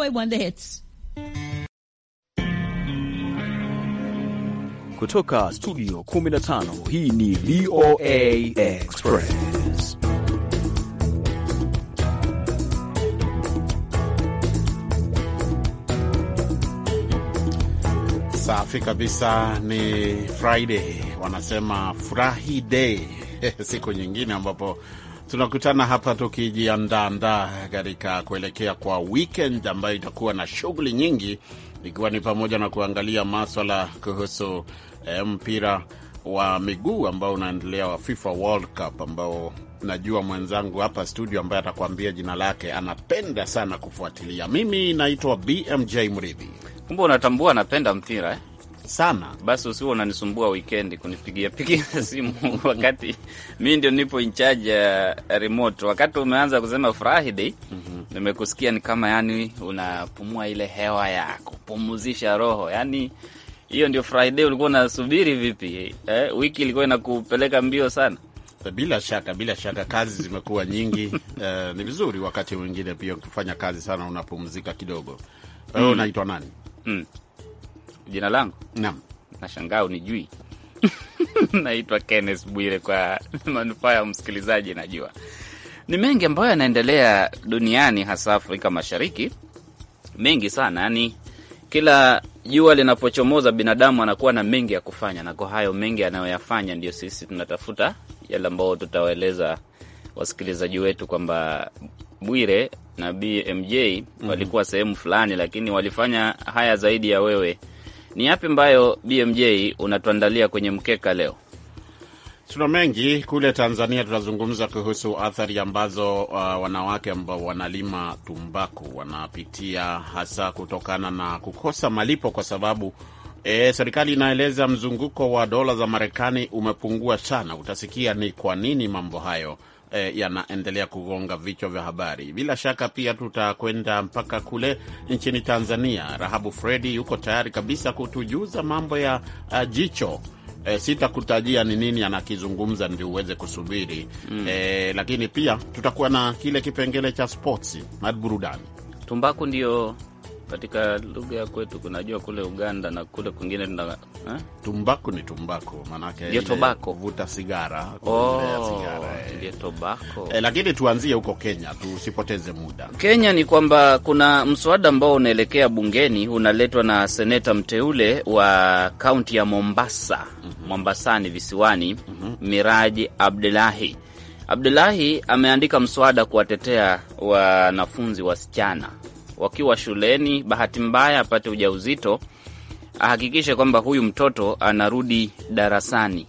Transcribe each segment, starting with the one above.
VOA One The Hits. Kutoka studio 15 hii ni VOA Express. Safi kabisa, ni Friday wanasema furahi day siku nyingine ambapo tunakutana hapa tukijiandaandaa katika kuelekea kwa weekend ambayo itakuwa na shughuli nyingi, ikiwa ni pamoja na kuangalia maswala kuhusu eh, mpira wa miguu ambao unaendelea wa FIFA World Cup ambao najua mwenzangu hapa studio ambaye atakuambia jina lake anapenda sana kufuatilia. Mimi naitwa BMJ Mridhi. Kumbe unatambua anapenda mpira eh? sana. Basi usiwe unanisumbua wikendi kunipigia pigia simu wakati mi ndio nipo in ya remote. Wakati umeanza kusema Friday, mm -hmm. nimekusikia ni kama yani unapumua ile hewa ya kupumuzisha roho, yani hiyo ndio Friday ulikuwa unasubiri vipi eh? Wiki ilikuwa inakupeleka mbio sana. Eh, bila shaka bila shaka, kazi zimekuwa nyingi. Eh, ni vizuri wakati mwingine pia ukifanya kazi sana unapumzika kidogo. Wewe mm. unaitwa nani? mm jina langu naam, nashangaa unijui naitwa Kenneth Bwire. Kwa manufaa ya msikilizaji, najua ni mengi ambayo yanaendelea duniani, hasa Afrika Mashariki, mengi sana. Yani kila jua linapochomoza binadamu anakuwa na mengi ya kufanya, na kwa hayo mengi anayoyafanya, ndio sisi tunatafuta yale ambao tutawaeleza wasikilizaji wetu kwamba Bwire na BMJ mhm. walikuwa mm -hmm. sehemu fulani, lakini walifanya haya zaidi ya wewe ni yapi ambayo BMJ unatuandalia kwenye mkeka leo? Tuna mengi kule Tanzania. tunazungumza kuhusu athari ambazo uh, wanawake ambao wanalima tumbaku wanapitia hasa kutokana na kukosa malipo kwa sababu E, serikali inaeleza mzunguko wa dola za Marekani umepungua sana. Utasikia ni kwa nini mambo hayo eh, yanaendelea kugonga vichwa vya habari. Bila shaka pia tutakwenda mpaka kule nchini Tanzania. Rahabu Fredi yuko tayari kabisa kutujuza mambo ya uh, jicho E, sitakutajia ni nini anakizungumza ndio uweze kusubiri mm. E, lakini pia tutakuwa na kile kipengele cha sports na burudani. Tumbaku ndio katika lugha ya kwetu kunajua kule Uganda na kule kwingine tuna eh? tumbaku ni tumbaku, maanake ndio tobako, vuta sigara, oh, eh, eh. Lakini tuanzie huko Kenya, tusipoteze muda. Kenya ni kwamba kuna mswada ambao unaelekea bungeni, unaletwa na seneta mteule wa kaunti ya Mombasa, mm -hmm. Mombasani visiwani, mm -hmm. Miraji Abdulahi Abdulahi ameandika mswada kuwatetea wanafunzi wasichana wakiwa shuleni, bahati mbaya apate ujauzito, ahakikishe kwamba huyu mtoto anarudi darasani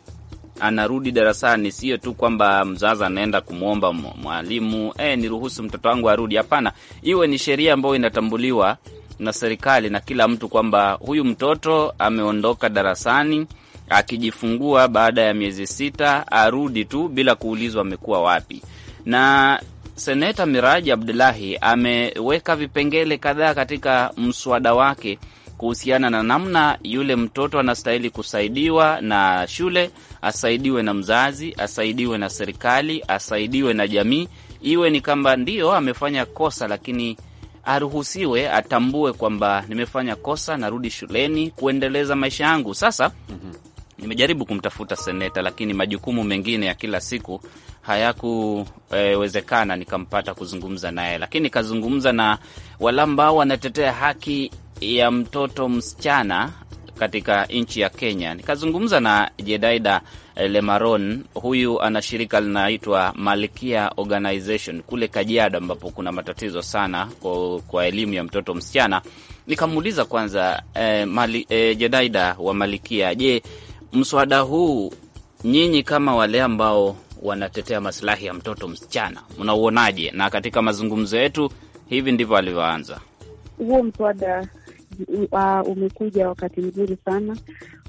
anarudi darasani, sio tu kwamba mzazi anaenda kumwomba mwalimu e, niruhusu mtoto wangu arudi. Hapana, iwe ni sheria ambayo inatambuliwa na serikali na kila mtu kwamba huyu mtoto ameondoka darasani, akijifungua baada ya miezi sita arudi tu bila kuulizwa amekuwa wapi. Na Seneta Miraji abdulahi ameweka vipengele kadhaa katika mswada wake kuhusiana na namna yule mtoto anastahili kusaidiwa na shule, asaidiwe na mzazi, asaidiwe na serikali, asaidiwe na jamii. Iwe ni kwamba ndiyo amefanya kosa, lakini aruhusiwe, atambue kwamba nimefanya kosa, narudi shuleni kuendeleza maisha yangu. Sasa mm -hmm nimejaribu kumtafuta seneta, lakini majukumu mengine ya kila siku hayakuwezekana e, nikampata kuzungumza naye, lakini kazungumza na wale ambao wanatetea haki ya mtoto msichana katika nchi ya Kenya. Nikazungumza na Jedaida eh, Lemaron, huyu ana shirika linaitwa Malkia Organization kule Kajiado, ambapo kuna matatizo sana kwa, kwa elimu ya mtoto msichana. Nikamuuliza kwanza eh, mali, eh, Jedaida wa Malkia, je, mswada huu, nyinyi kama wale ambao wanatetea masilahi ya mtoto msichana mnauonaje? Na katika mazungumzo yetu, hivi ndivyo alivyoanza. Huo mswada uh, umekuja wakati mzuri sana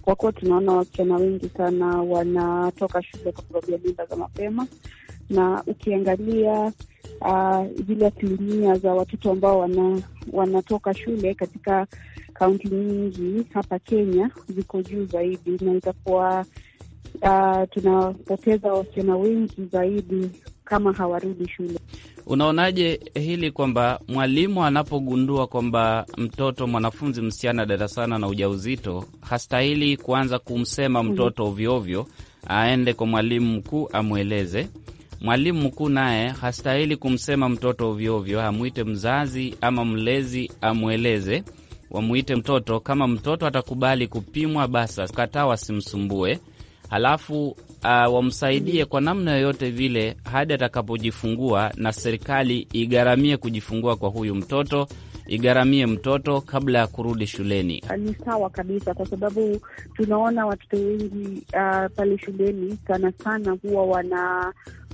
kwa kuwa tunaona wasichana wengi sana wanatoka shule kwa sababu ya mimba za mapema, na ukiangalia uh, zile asilimia za watoto ambao wana, wanatoka shule katika kaunti nyingi hapa Kenya ziko juu zaidi, na itakuwa uh, tunapoteza wasichana wengi zaidi kama hawarudi shule. Unaonaje hili kwamba mwalimu anapogundua kwamba mtoto mwanafunzi msichana darasani na ujauzito, hastahili kuanza kumsema mtoto ovyoovyo, mm-hmm. aende kwa mwalimu mkuu amweleze Mwalimu mkuu naye hastahili kumsema mtoto ovyoovyo, amwite mzazi ama mlezi amweleze, wamwite mtoto. Kama mtoto atakubali kupimwa, basi kataa, wasimsumbue, halafu uh, wamsaidie kwa namna yoyote vile hadi atakapojifungua, na serikali igharamie kujifungua kwa huyu mtoto igharamie mtoto kabla ya kurudi shuleni. Ni sawa kabisa, kwa sababu tunaona watoto wengi uh, pale shuleni sana sana huwa wana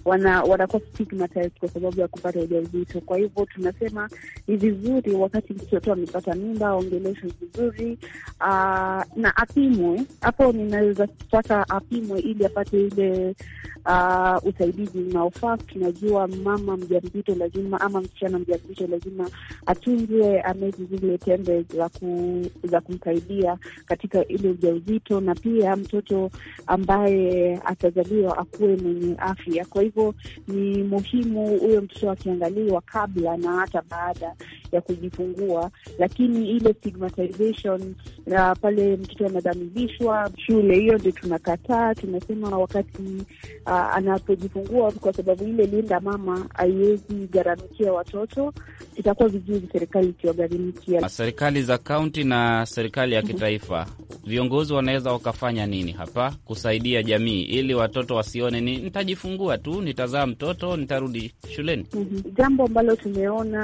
wana wanakuwa stigmatized kwa sababu ya kupata ujauzito. Kwa hivyo tunasema ni vizuri wakati mtoto amepata mimba aongeleshwe vizuri, uh, na apimwe. Hapo ninaweza taka apimwe ili apate ile uh, usaidizi unaofaa. Tunajua mama mjamzito lazima ama msichana mjamzito lazima atunzwe, amezi zile tembe za, ku, za kumsaidia katika ile ujauzito, na pia mtoto ambaye atazaliwa akuwe mwenye afya. Kwa hivyo hivyo ni muhimu huyo mtoto akiangaliwa kabla na hata baada ya kujifungua. Lakini ile stigmatization na pale mtoto anadhamilishwa shule, hiyo ndio tunakataa. Tunasema wakati uh, anapojifungua, kwa sababu ile linda mama haiwezi gharamikia watoto, itakuwa vizuri serikali ikiwagharamikia. Serikali za kaunti na serikali ya kitaifa, viongozi wanaweza wakafanya nini hapa kusaidia jamii ili watoto wasione ni ntajifungua tu nitazaa mtoto, nitarudi shuleni. mm -hmm. Jambo ambalo tumeona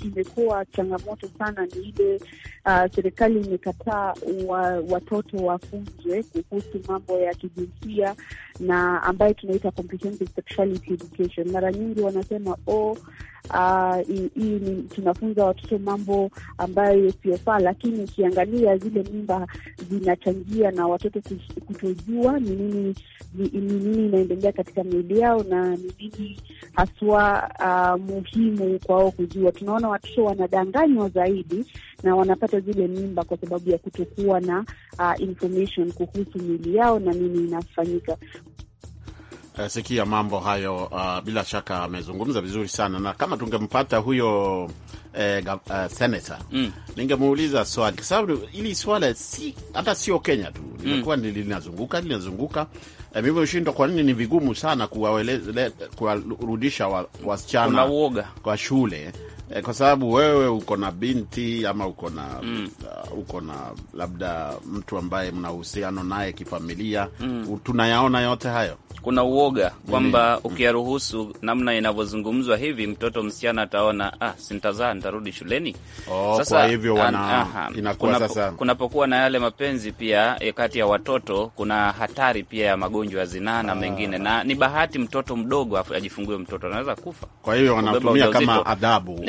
uh, imekuwa changamoto sana ni ile uh, serikali imekataa wa, watoto wafunzwe kuhusu mambo ya kijinsia na ambayo tunaita comprehensive sexuality education. Mara nyingi wanasema oh, hii uh, ni tunafunza watoto mambo ambayo yasiyofaa, lakini ukiangalia zile mimba zinachangia na watoto kutojua ni nini ni nini inaendelea katika miili yao na ni nini haswa uh, muhimu kwao kujua. Tunaona watoto wanadanganywa zaidi na wanapata kupata zile mimba kwa sababu ya kutokuwa na uh, information kuhusu mili yao na nini inafanyika. Eh, sikia mambo hayo. Uh, bila shaka amezungumza vizuri sana, na kama tungempata huyo eh, uh, eh, senata mm, ningemuuliza swali, kwa sababu hili swala si hata sio Kenya tu mm. limekuwa mm, linazunguka linazunguka. Eh, mimi ushindwa, kwa nini ni vigumu sana kuwarudisha wasichana wa kwa shule eh, kwa sababu wewe uko na binti ama uko na mm. uh, uko na labda mtu ambaye mna uhusiano naye kifamilia mm. tunayaona yote hayo. Kuna uoga kwamba mm. ukiyaruhusu mm. namna inavyozungumzwa hivi, mtoto msichana ataona ah, sintazaa ntarudi shuleni. Oh, sasa, kwa hivyo wana, aha, inakuwa kuna, sasa kunapokuwa na yale mapenzi pia eh, kati ya watoto kuna hatari pia ya magonjwa ya zinaa na ah. mengine, na ni bahati mtoto mdogo ajifungue mtoto anaweza kufa. Kwa hiyo wanatumia kama adhabu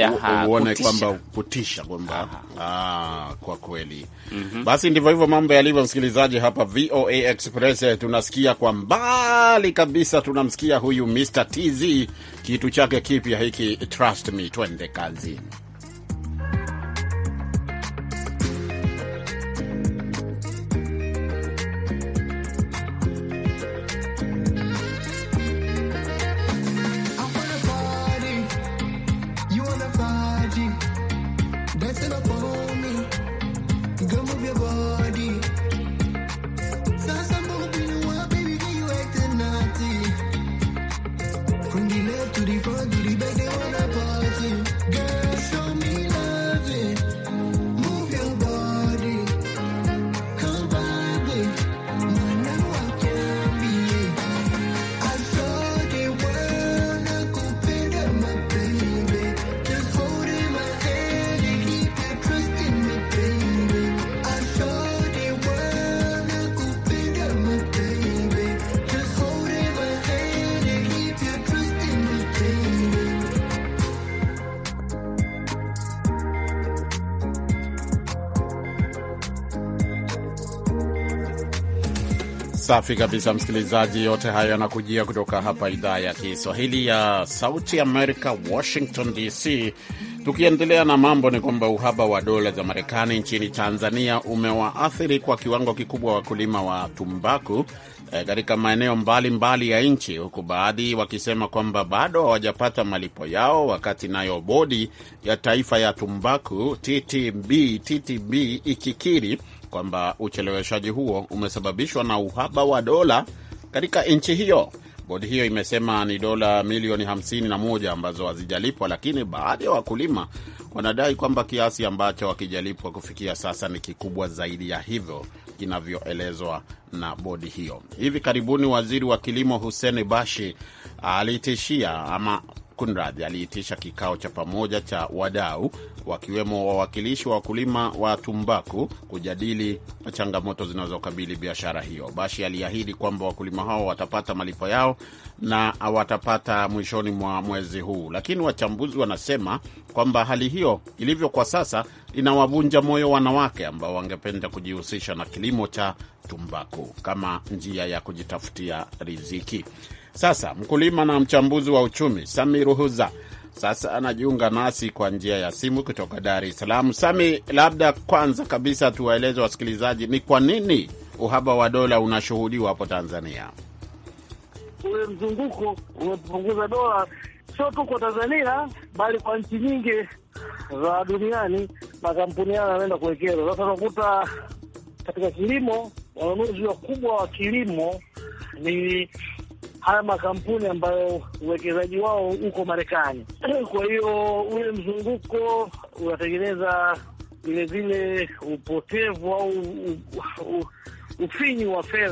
uone kwamba kutisha kwamba ah, kwa kweli mm -hmm. Basi ndivyo hivyo mambo yalivyo, msikilizaji, hapa VOA Express tunasikia kwa mbali kabisa, tunamsikia huyu Mr TZ kitu chake kipya hiki, trust me, twende kazini Safi kabisa, msikilizaji. Yote hayo yanakujia kutoka hapa idhaa ya Kiswahili ya Sauti Amerika, Washington DC. Tukiendelea na mambo, ni kwamba uhaba wa dola za Marekani nchini Tanzania umewaathiri kwa kiwango kikubwa wakulima wa tumbaku eh, katika e, maeneo mbalimbali mbali ya nchi, huku baadhi wakisema kwamba bado hawajapata malipo yao, wakati nayo bodi ya taifa ya tumbaku TTB, TTB ikikiri kwamba ucheleweshaji huo umesababishwa na uhaba wa dola katika nchi hiyo. Bodi hiyo imesema ni dola milioni 51 ambazo hazijalipwa, lakini baadhi ya wakulima wanadai kwamba kiasi ambacho wakijalipwa kufikia sasa ni kikubwa zaidi ya hivyo kinavyoelezwa na bodi hiyo. Hivi karibuni waziri wa kilimo huseni Bashi alitishia ama kunradhi, aliitisha kikao cha pamoja cha wadau wakiwemo wawakilishi wa wakulima wa tumbaku kujadili changamoto zinazokabili biashara hiyo. Bashi aliahidi kwamba wakulima hao watapata malipo yao na watapata mwishoni mwa mwezi huu, lakini wachambuzi wanasema kwamba hali hiyo ilivyo kwa sasa inawavunja moyo wanawake ambao wangependa kujihusisha na kilimo cha tumbaku kama njia ya kujitafutia riziki. Sasa mkulima na mchambuzi wa uchumi Sami Ruhuza sasa anajiunga nasi kwa njia ya simu kutoka Dar es Salaam. Sami, labda kwanza kabisa tuwaeleze wasikilizaji ni kwa nini uhaba wa dola unashuhudiwa hapo Tanzania. Ule mzunguko umepunguza dola sio tu kwa Tanzania bali kwa nchi nyingi za duniani, makampuni yayo yanaenda kuwekeza. Sasa unakuta katika kilimo wanunuzi wakubwa wa kilimo ni haya makampuni ambayo uwekezaji wao uko Marekani. Kwa hiyo ule mzunguko unatengeneza vilevile upotevu au ufinyi wa fedha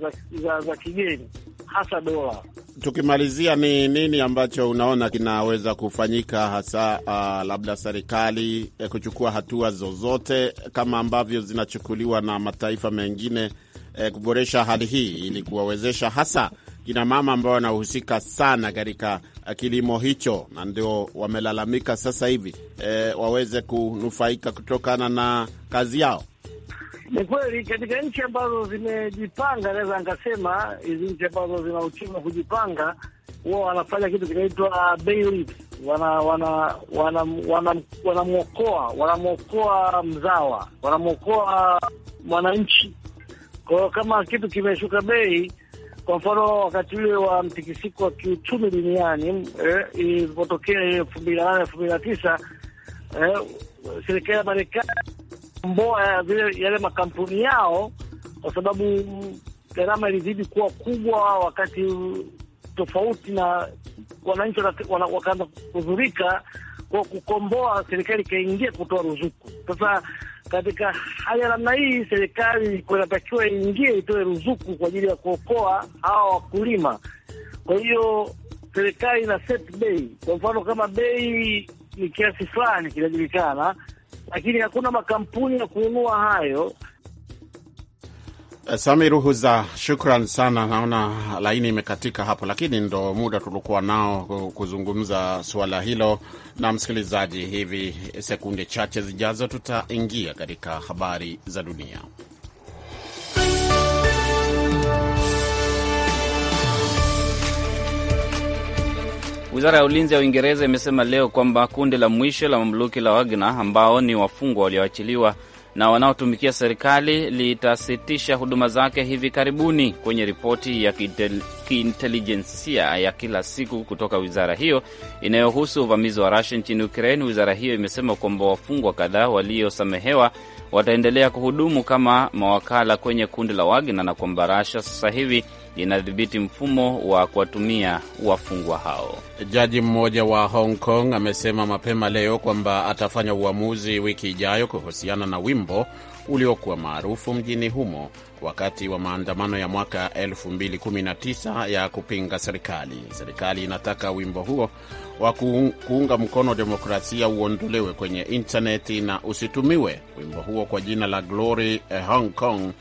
za, za, za kigeni hasa dola. Tukimalizia, ni nini ambacho unaona kinaweza kufanyika hasa, uh, labda serikali eh, kuchukua hatua zozote kama ambavyo zinachukuliwa na mataifa mengine eh, kuboresha hali hii ili kuwawezesha hasa kina mama ambao wanahusika sana katika eh, kilimo hicho na ndio wamelalamika sasa hivi eh, waweze kunufaika kutokana na kazi yao. Ni kweli katika nchi ambazo zimejipanga, naweza nikasema hizi nchi ambazo zina uchumi wa kujipanga huwa wanafanya kitu kinaitwa bail, wanamwokoa wana, wana, wana wanamwokoa mzawa, wanamwokoa mwananchi kwa hiyo kama kitu kimeshuka bei, kwa mfano wakati ule wa mtikisiko wa kiuchumi duniani eh, ilipotokea eh, elfu mbili na nane elfu mbili na tisa eh, serikali ya Marekani mboa vile yale makampuni yao kwa sababu gharama ilizidi kuwa kubwa, wakati tofauti na wananchi wakaanza kuzurika Kwa kukomboa, serikali ikaingia kutoa ruzuku sasa katika hali ya namna hii, serikali kunatakiwa iingie, itoe ruzuku kwa ajili ya kuokoa hawa wakulima. Kwa hiyo serikali ina set bei, kwa mfano kama bei ni kiasi fulani kinajulikana, lakini hakuna makampuni ya kununua hayo Eh, Samiru Huza, shukran sana. Naona laini imekatika hapo, lakini ndo muda tulikuwa nao kuzungumza suala hilo na msikilizaji. Hivi sekunde chache zijazo, tutaingia katika habari za dunia. Wizara ya ulinzi ya Uingereza imesema leo kwamba kundi la mwisho la mamluki la Wagner ambao ni wafungwa walioachiliwa na wanaotumikia serikali litasitisha huduma zake hivi karibuni, kwenye ripoti ya kiintelijensia ya kila siku kutoka wizara hiyo inayohusu uvamizi wa Rusia nchini Ukraine. Wizara hiyo imesema kwamba wafungwa kadhaa waliosamehewa wataendelea kuhudumu kama mawakala kwenye kundi la Wagner na kwamba Rusia sasa hivi inadhibiti mfumo wa kuwatumia wafungwa hao. Jaji mmoja wa Hong Kong amesema mapema leo kwamba atafanya uamuzi wiki ijayo kuhusiana na wimbo uliokuwa maarufu mjini humo wakati wa maandamano ya mwaka 2019 ya kupinga serikali. Serikali inataka wimbo huo wa kuunga mkono demokrasia uondolewe kwenye intaneti na usitumiwe. Wimbo huo kwa jina la Glory eh, Hong Kong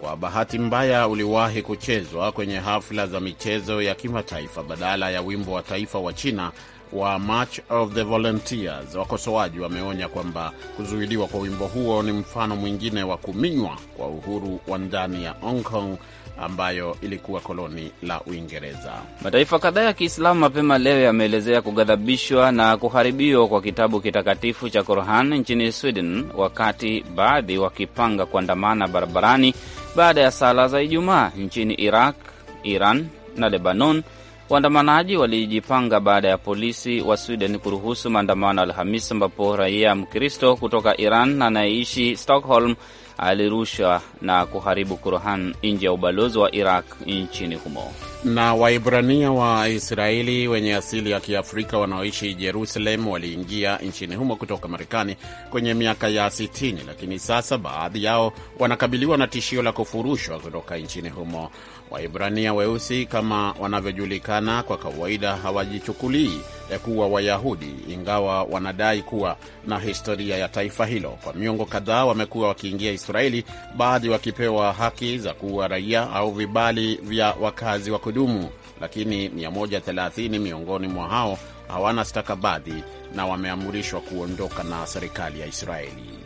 kwa bahati mbaya uliwahi kuchezwa kwenye hafla za michezo ya kimataifa badala ya wimbo wa taifa wa China wa March of the Volunteers. Wakosoaji wameonya kwamba kuzuiliwa kwa wimbo huo ni mfano mwingine wa kuminywa kwa uhuru wa ndani ya Hong Kong ambayo ilikuwa koloni la Uingereza. Mataifa kadhaa ya Kiislamu mapema leo yameelezea kughadhabishwa na kuharibiwa kwa kitabu kitakatifu cha Qur'an nchini Sweden, wakati baadhi wakipanga kuandamana barabarani baada ya sala za Ijumaa. Nchini Iraq, Iran na Lebanon, waandamanaji walijipanga baada ya polisi wa Sweden kuruhusu maandamano Alhamisi, ambapo raia Mkristo kutoka Iran anayeishi Stockholm alirusha na kuharibu Qur'an nje ya ubalozi wa Iraq nchini humo. Na Waibrania wa Israeli wenye asili ya Kiafrika wanaoishi Jerusalem waliingia nchini humo kutoka Marekani kwenye miaka ya 60, lakini sasa baadhi yao wanakabiliwa na tishio la kufurushwa kutoka nchini humo. Waibrania weusi kama wanavyojulikana kwa kawaida hawajichukulii ya kuwa Wayahudi, ingawa wanadai kuwa na historia ya taifa hilo. Kwa miongo kadhaa wamekuwa wakiingia Israeli, baadhi wakipewa haki za kuwa raia au vibali vya wakazi wa kudumu, lakini 130 miongoni mwa hao hawana stakabadhi na wameamurishwa kuondoka na serikali ya Israeli.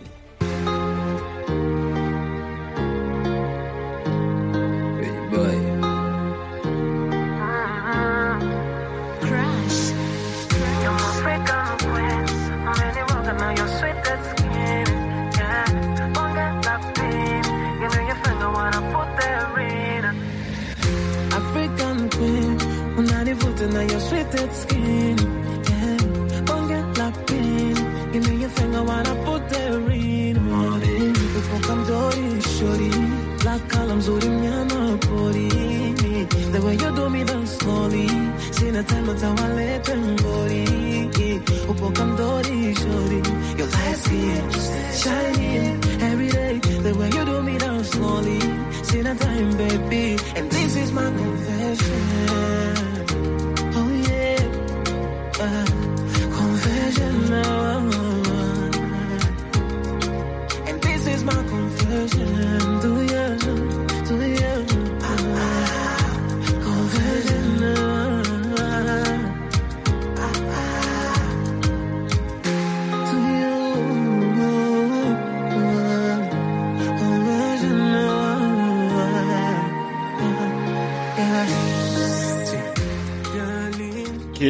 be. And this is my confession.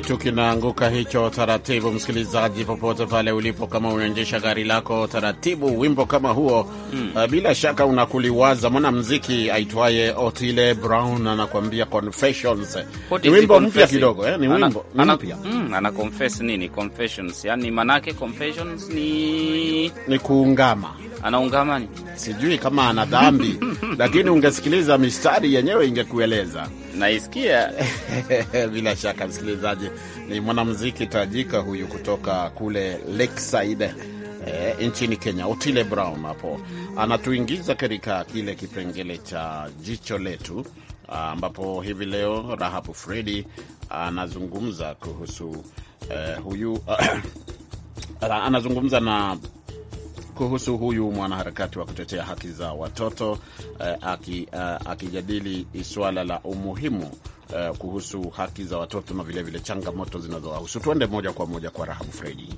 kitu kinaanguka hicho taratibu. Msikilizaji, popote pale ulipo, kama unaendesha gari lako taratibu, wimbo kama huo mm, uh, bila shaka unakuliwaza mwanamuziki aitwaye Otile Brown anakuambia confessions. Ni wimbo mpya kidogo eh? Ni wimbo mpya mm, ana confess nini? Confessions yani manake confessions ni ni kuungama anaungamani, sijui kama ana dhambi lakini ungesikiliza mistari yenyewe ingekueleza. Naisikia bila shaka, msikilizaji. Ni mwanamuziki tajika huyu kutoka kule Lakeside E, eh, nchini Kenya, Otile Brown hapo anatuingiza katika kile kipengele cha jicho letu, ah, ambapo hivi leo Rahabu Fredi anazungumza kuhusu eh, huyu anazungumza na kuhusu huyu mwanaharakati wa kutetea haki za watoto eh, eh, akijadili aki swala la umuhimu eh, kuhusu haki za watoto na vilevile changamoto zinazowahusu. Tuende moja kwa moja kwa Rahabu Fredi.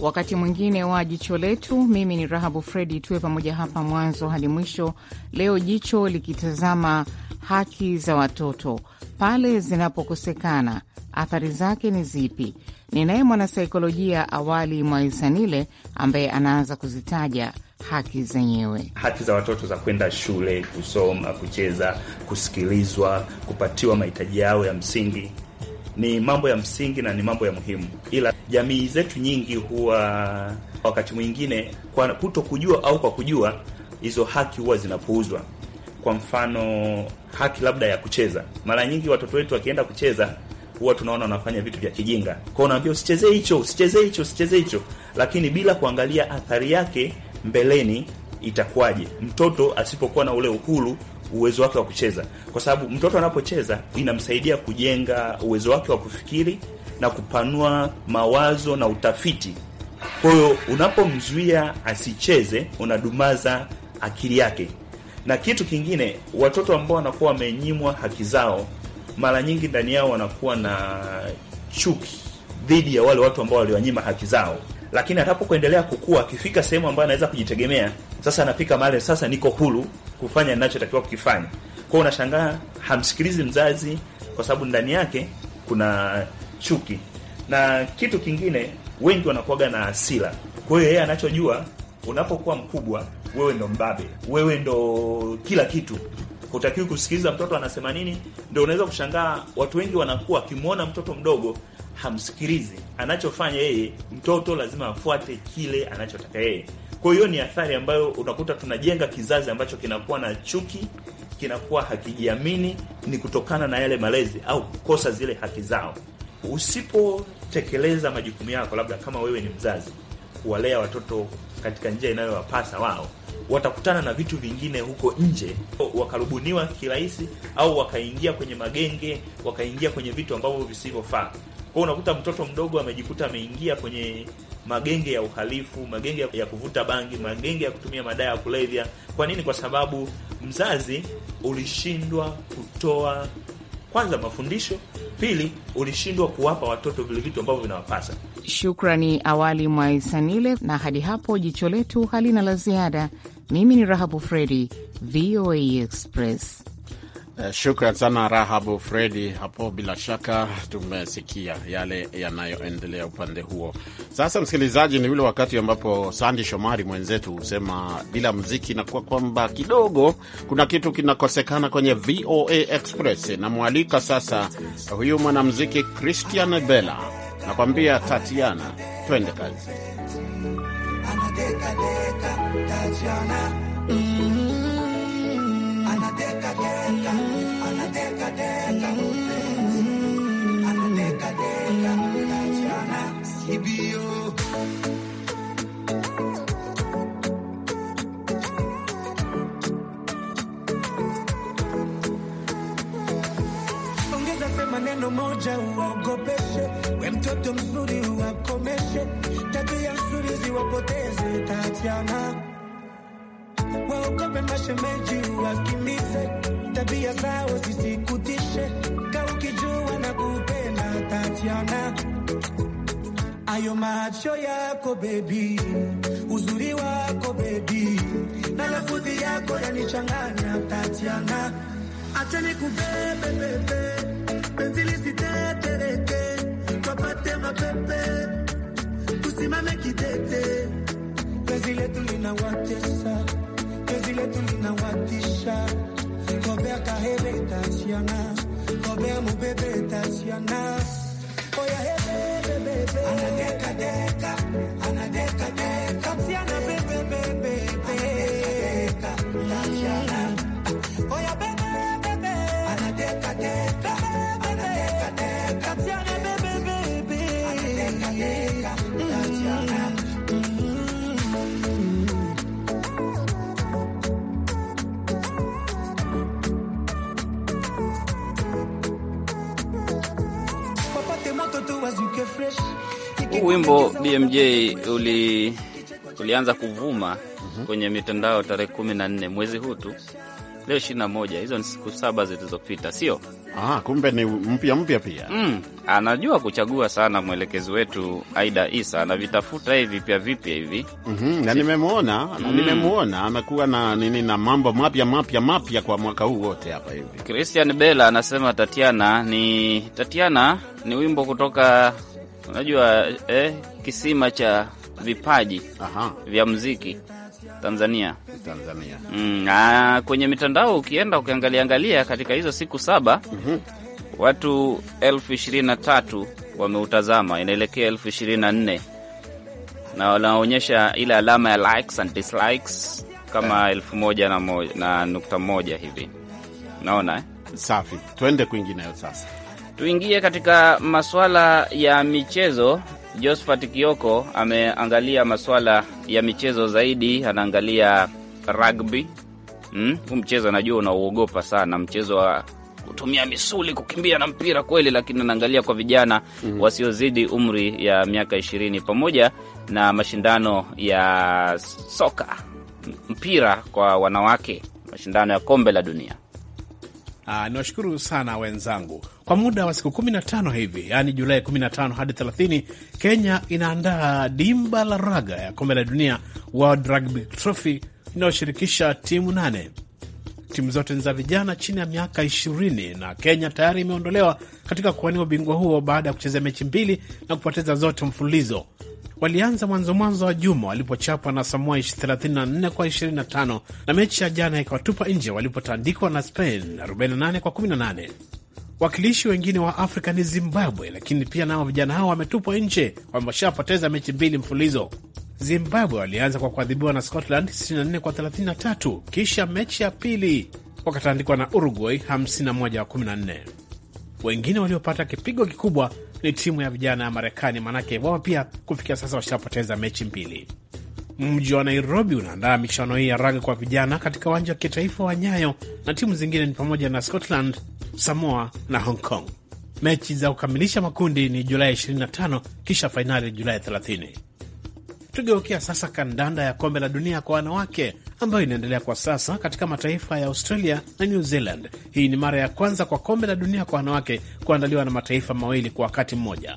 Wakati mwingine wa jicho letu, mimi ni Rahabu Fredi, tuwe pamoja hapa mwanzo hadi mwisho. Leo jicho likitazama haki za watoto pale zinapokosekana, athari zake ni zipi? ni naye mwanasaikolojia Awali Mwaisanile ambaye anaanza kuzitaja haki zenyewe, haki za watoto za kwenda shule, kusoma, kucheza, kusikilizwa, kupatiwa mahitaji yao ya msingi ni mambo ya msingi na ni mambo ya muhimu, ila jamii zetu nyingi huwa wakati mwingine kwa kuto kujua au kwa kujua hizo haki huwa zinapuuzwa. Kwa mfano haki labda ya kucheza, mara nyingi watoto wetu wakienda kucheza huwa tunaona wanafanya vitu vya kijinga kwao, unaambia usichezee hicho, usichezee hicho, usichezee hicho, lakini bila kuangalia athari yake mbeleni itakuwaje. Mtoto asipokuwa na ule uhuru uwezo wake wa kucheza, kwa sababu mtoto anapocheza inamsaidia kujenga uwezo wake wa kufikiri na kupanua mawazo na utafiti. Kwa hiyo unapomzuia asicheze, unadumaza akili yake. Na kitu kingine, watoto ambao wanakuwa wamenyimwa haki zao mara nyingi ndani yao wanakuwa na chuki dhidi ya wale watu ambao waliwanyima haki zao, lakini atapokuendelea kukua, akifika sehemu ambayo anaweza kujitegemea, sasa anafika mahali sasa niko huru kufanya ninachotakiwa kukifanya. Kwao unashangaa hamsikilizi mzazi, kwa sababu ndani yake kuna chuki. Na kitu kingine, wengi wanakuwaga na hasira. Kwa hiyo yeye anachojua, unapokuwa mkubwa, wewe ndo mbabe, wewe ndo kila kitu hutakiwi kusikiliza mtoto anasema nini. Ndio unaweza kushangaa watu wengi wanakuwa akimwona mtoto mdogo hamsikilizi, anachofanya yeye, mtoto lazima afuate kile anachotaka yeye. Kwa hiyo ni athari ambayo unakuta tunajenga kizazi ambacho kinakuwa na chuki, kinakuwa hakijiamini, ni kutokana na yale malezi au kukosa zile haki zao. Usipotekeleza majukumu yako, labda kama wewe ni mzazi, kuwalea watoto katika njia inayowapasa wao watakutana na vitu vingine huko nje, wakarubuniwa kirahisi, au wakaingia kwenye magenge, wakaingia kwenye vitu ambavyo visivyofaa kwao. Unakuta mtoto mdogo amejikuta ameingia kwenye magenge ya uhalifu, magenge ya kuvuta bangi, magenge ya kutumia madawa ya kulevya. Kwa nini? Kwa sababu mzazi ulishindwa kutoa kwanza mafundisho, pili ulishindwa kuwapa watoto vile vitu ambavyo vinawapasa. Shukrani awali Mwaisanile, na hadi hapo jicho letu halina la ziada. Mimi ni Rahabu Fredi, VOA Express. Eh, shukran sana Rahabu Fredi hapo. Bila shaka tumesikia yale yanayoendelea upande huo. Sasa msikilizaji, ni ule wakati ambapo Sandi Shomari mwenzetu husema bila mziki inakuwa kwamba kidogo kuna kitu kinakosekana kwenye VOA Express. Namwalika sasa huyu mwanamziki Christian Bella, nakwambia Tatiana, twende kazi anadeka Tatiana mm-hmm. anadeka moja uwaogopeshe, we mtoto mzuri uwakomeshe tabia wapoteze Tatiana, waokope mashemeji, wakimbize tabia zao zisikutishe, ka ukijua na kupenda Tatiana, ayo macho yako bebi, uzuri wako bebi, na lafudhi yako yanichanganya Tatiana, acha nikubebe bebe, penzi lisitetereke, wapate mapepe tusimame kidete, penzi letu linawatesa, penzi letu linawatisha. Kobea kahebe tasiana, kobea mubebe tasiana, oya hebe bebe, anadeka deka huu wimbo BMJ uli, ulianza kuvuma mm -hmm. kwenye mitandao tarehe kumi na nne mwezi huu tu leo ishirini na moja. Hizo ni siku saba zilizopita, sio? Ah, kumbe ni mpya mpya pia. Mm, anajua kuchagua sana mwelekezi wetu Aida Isa, anavitafuta hivi vipya vipya hivi mm -hmm. na nimemwona mm. nimemwona amekuwa na nini na mambo mapya mapya mapya kwa mwaka huu wote hapa hivi. Christian Bella anasema Tatiana ni Tatiana ni wimbo kutoka Unajua eh, kisima cha vipaji Aha. vya mziki Tanzania, Tanzania. Mm, na kwenye mitandao ukienda ukiangaliangalia katika hizo siku saba mm -hmm. watu elfu ishirini na tatu wameutazama, inaelekea elfu ishirini na nne na wanaonyesha ile alama ya likes and dislikes kama eh. elfu moja na, moja, na nukta moja hivi naona eh? Safi, tuende kwingineyo sasa. Tuingie katika masuala ya michezo. Josephat Kioko ameangalia masuala ya michezo zaidi, anaangalia rugby hmm? Mchezo anajua unauogopa sana, mchezo wa kutumia misuli kukimbia na mpira kweli, lakini anaangalia kwa vijana mm -hmm. wasiozidi umri ya miaka ishirini, pamoja na mashindano ya soka mpira kwa wanawake, mashindano ya kombe la dunia. Uh, niwashukuru sana wenzangu. Kwa muda wa siku 15 hivi, yaani Julai 15 hadi 30, Kenya inaandaa dimba la raga ya kombe la dunia World Rugby Trophy inayoshirikisha timu nane. Timu zote ni za vijana chini ya miaka 20, na Kenya tayari imeondolewa katika kuwania ubingwa huo baada ya kucheza mechi mbili na kupoteza zote mfululizo walianza mwanzo mwanzo wa juma walipochapwa na Samoa 34 kwa 25 na mechi ya jana ikawatupa nje walipotandikwa na Spain 48 kwa 18. Wakilishi wengine wa Afrika ni Zimbabwe, lakini pia nao vijana hao wametupwa nje, wameshapoteza mechi mbili mfulizo. Zimbabwe walianza kwa kuadhibiwa na Scotland 64 kwa 33, kisha mechi ya pili wakatandikwa na Uruguay 51 kwa 14. Wengine waliopata kipigo kikubwa ni timu ya vijana ya Marekani, maanake wao pia kufikia sasa washapoteza mechi mbili. Mji wa Nairobi unaandaa michuano hii ya raga kwa vijana katika uwanja wa kitaifa wa Nyayo, na timu zingine ni pamoja na Scotland, Samoa na Hong Kong. Mechi za kukamilisha makundi ni Julai 25 kisha fainali Julai 30. Tugeukia sasa kandanda ya kombe la dunia kwa wanawake ambayo inaendelea kwa sasa katika mataifa ya Australia na New Zealand. Hii ni mara ya kwanza kwa kombe la dunia kwa wanawake kuandaliwa na mataifa mawili kwa wakati mmoja.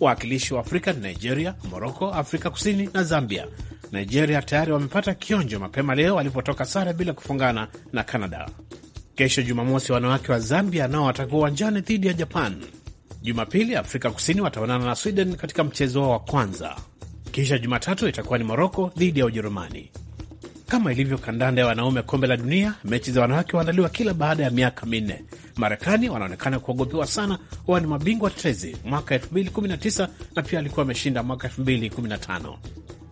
Wawakilishi wa Afrika ni Nigeria, Moroko, Afrika Kusini na Zambia. Nigeria tayari wamepata kionjo mapema leo walipotoka sare bila kufungana na Canada. Kesho Jumamosi, wanawake wa Zambia nao watakuwa uwanjani dhidi ya Japan. Jumapili, Afrika Kusini wataonana na Sweden katika mchezo wao wa kwanza, kisha Jumatatu itakuwa ni Moroko dhidi ya Ujerumani. Kama ilivyo kandanda ya wanaume kombe la dunia, mechi za wanawake huandaliwa kila baada ya miaka minne. Marekani wanaonekana kuogopewa sana, huwa ni mabingwa tetezi mwaka 2019 na pia alikuwa ameshinda mwaka 2015.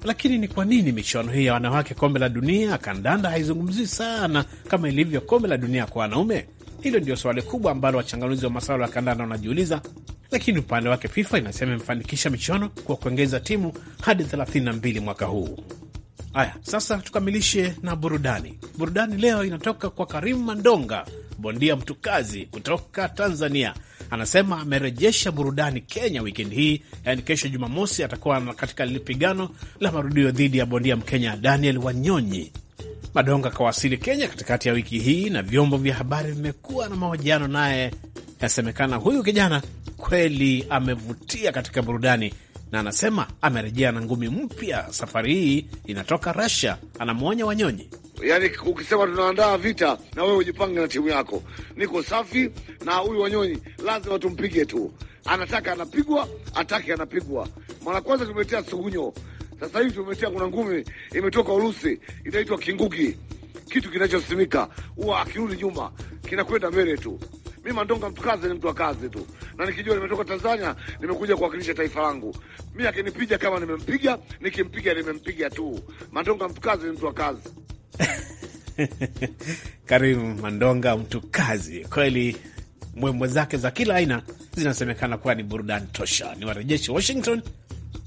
Lakini ni kwa nini michuano hii ya wanawake kombe la dunia kandanda haizungumzii sana kama ilivyo kombe la dunia kwa wanaume? Hilo ndio swali kubwa ambalo wachanganuzi wa masuala ya kandanda wanajiuliza. Lakini upande wake FIFA inasema imefanikisha michuano kwa kuongeza timu hadi 32 mwaka huu. Haya, sasa tukamilishe na burudani. Burudani leo inatoka kwa Karimu Mandonga, bondia mtukazi kutoka Tanzania. Anasema amerejesha burudani Kenya wikendi hii, yaani kesho Jumamosi atakuwa katika lipigano la marudio dhidi ya bondia Mkenya Daniel Wanyonyi. Madonga akawasili Kenya katikati ya wiki hii na vyombo vya habari vimekuwa na mahojiano naye. Yasemekana huyu kijana kweli amevutia katika burudani na anasema amerejea na ngumi mpya. Safari hii inatoka Russia. Anamwonya Wanyonyi, yaani ukisema tunaandaa vita na wewe ujipange na timu yako. Niko safi na huyu Wanyonyi, lazima tumpige tu, anataka anapigwa, ataki anapigwa. Mara kwanza tumetia sugunyo, sasa hivi tumetia, kuna ngumi imetoka Urusi inaitwa kingugi, kitu kinachosimika, huwa akirudi nyuma kinakwenda mbele tu. Mi Mandonga mtukaze, ni mtu wa kazi tu na nikijua nimetoka Tanzania, nimekuja kuwakilisha taifa langu. Mimi akinipiga kama nimempiga, nikimpiga nimempiga tu. Mandonga mtu kazi ni mtu wa kazi. Karimu Mandonga mtu kazi kweli, mwembo zake za kila aina zinasemekana kuwa ni burudani tosha. Ni warejeshi Washington.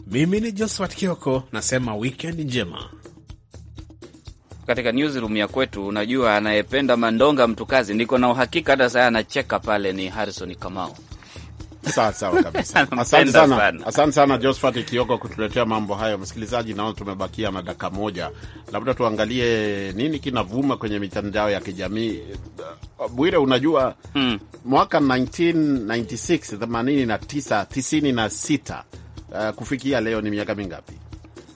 Mimi ni Josephat Kioko, nasema wikendi njema. Katika newsroom ya kwetu, unajua anayependa Mandonga mtu kazi, niko na uhakika hata saa anacheka pale, ni Harrison Kamau. Sawa sawa kabisa. Asante sana, sana. Asante sana Josphat Kioko kutuletea mambo hayo. Msikilizaji, naona tumebakia na dakika moja, labda tuangalie nini kinavuma kwenye mitandao ya kijamii. Bwire, unajua hmm. mwaka 1996 89 96 uh, kufikia leo ni miaka mingapi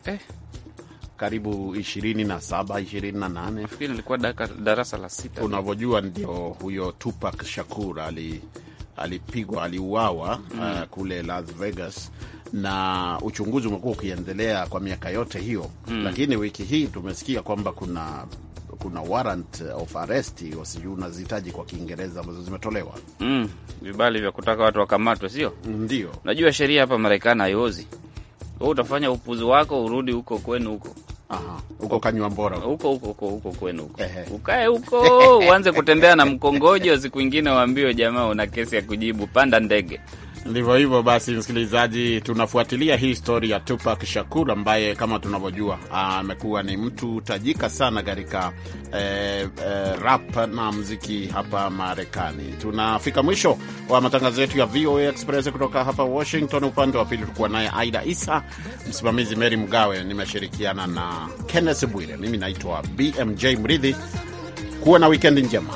eh? Karibu ishirini na saba ishirini na darasa la sita. Unavyojua ndio huyo Tupac Shakur ali alipigwa, aliuawa mm. uh, kule Las Vegas na uchunguzi umekuwa ukiendelea kwa miaka yote hiyo mm. Lakini wiki hii tumesikia kwamba kuna kuna warrant of arrest sijui unazihitaji kwa Kiingereza ambazo zimetolewa mm. Vibali vya kutaka watu wakamatwe, sio ndio? Najua sheria hapa Marekani haiozi, we utafanya upuzi wako urudi huko kwenu huko huko kanywa mbora huko huko huko huko kwenu huko, ukae huko uanze kutembea na mkongojo, siku ingine waambie jamaa, una kesi ya kujibu, panda ndege. Ndivyo hivyo basi, msikilizaji, tunafuatilia hii stori ya Tupac Shakur ambaye kama tunavyojua amekuwa ni mtu tajika sana katika e, e, rap na mziki hapa Marekani. Tunafika mwisho wa matangazo yetu ya VOA Express kutoka hapa Washington. Upande wa pili tulikuwa naye Aida Isa, msimamizi Mary Mgawe, nimeshirikiana na Kenneth Bwire. Mimi naitwa BMJ Mridhi. Kuwa na wikendi njema.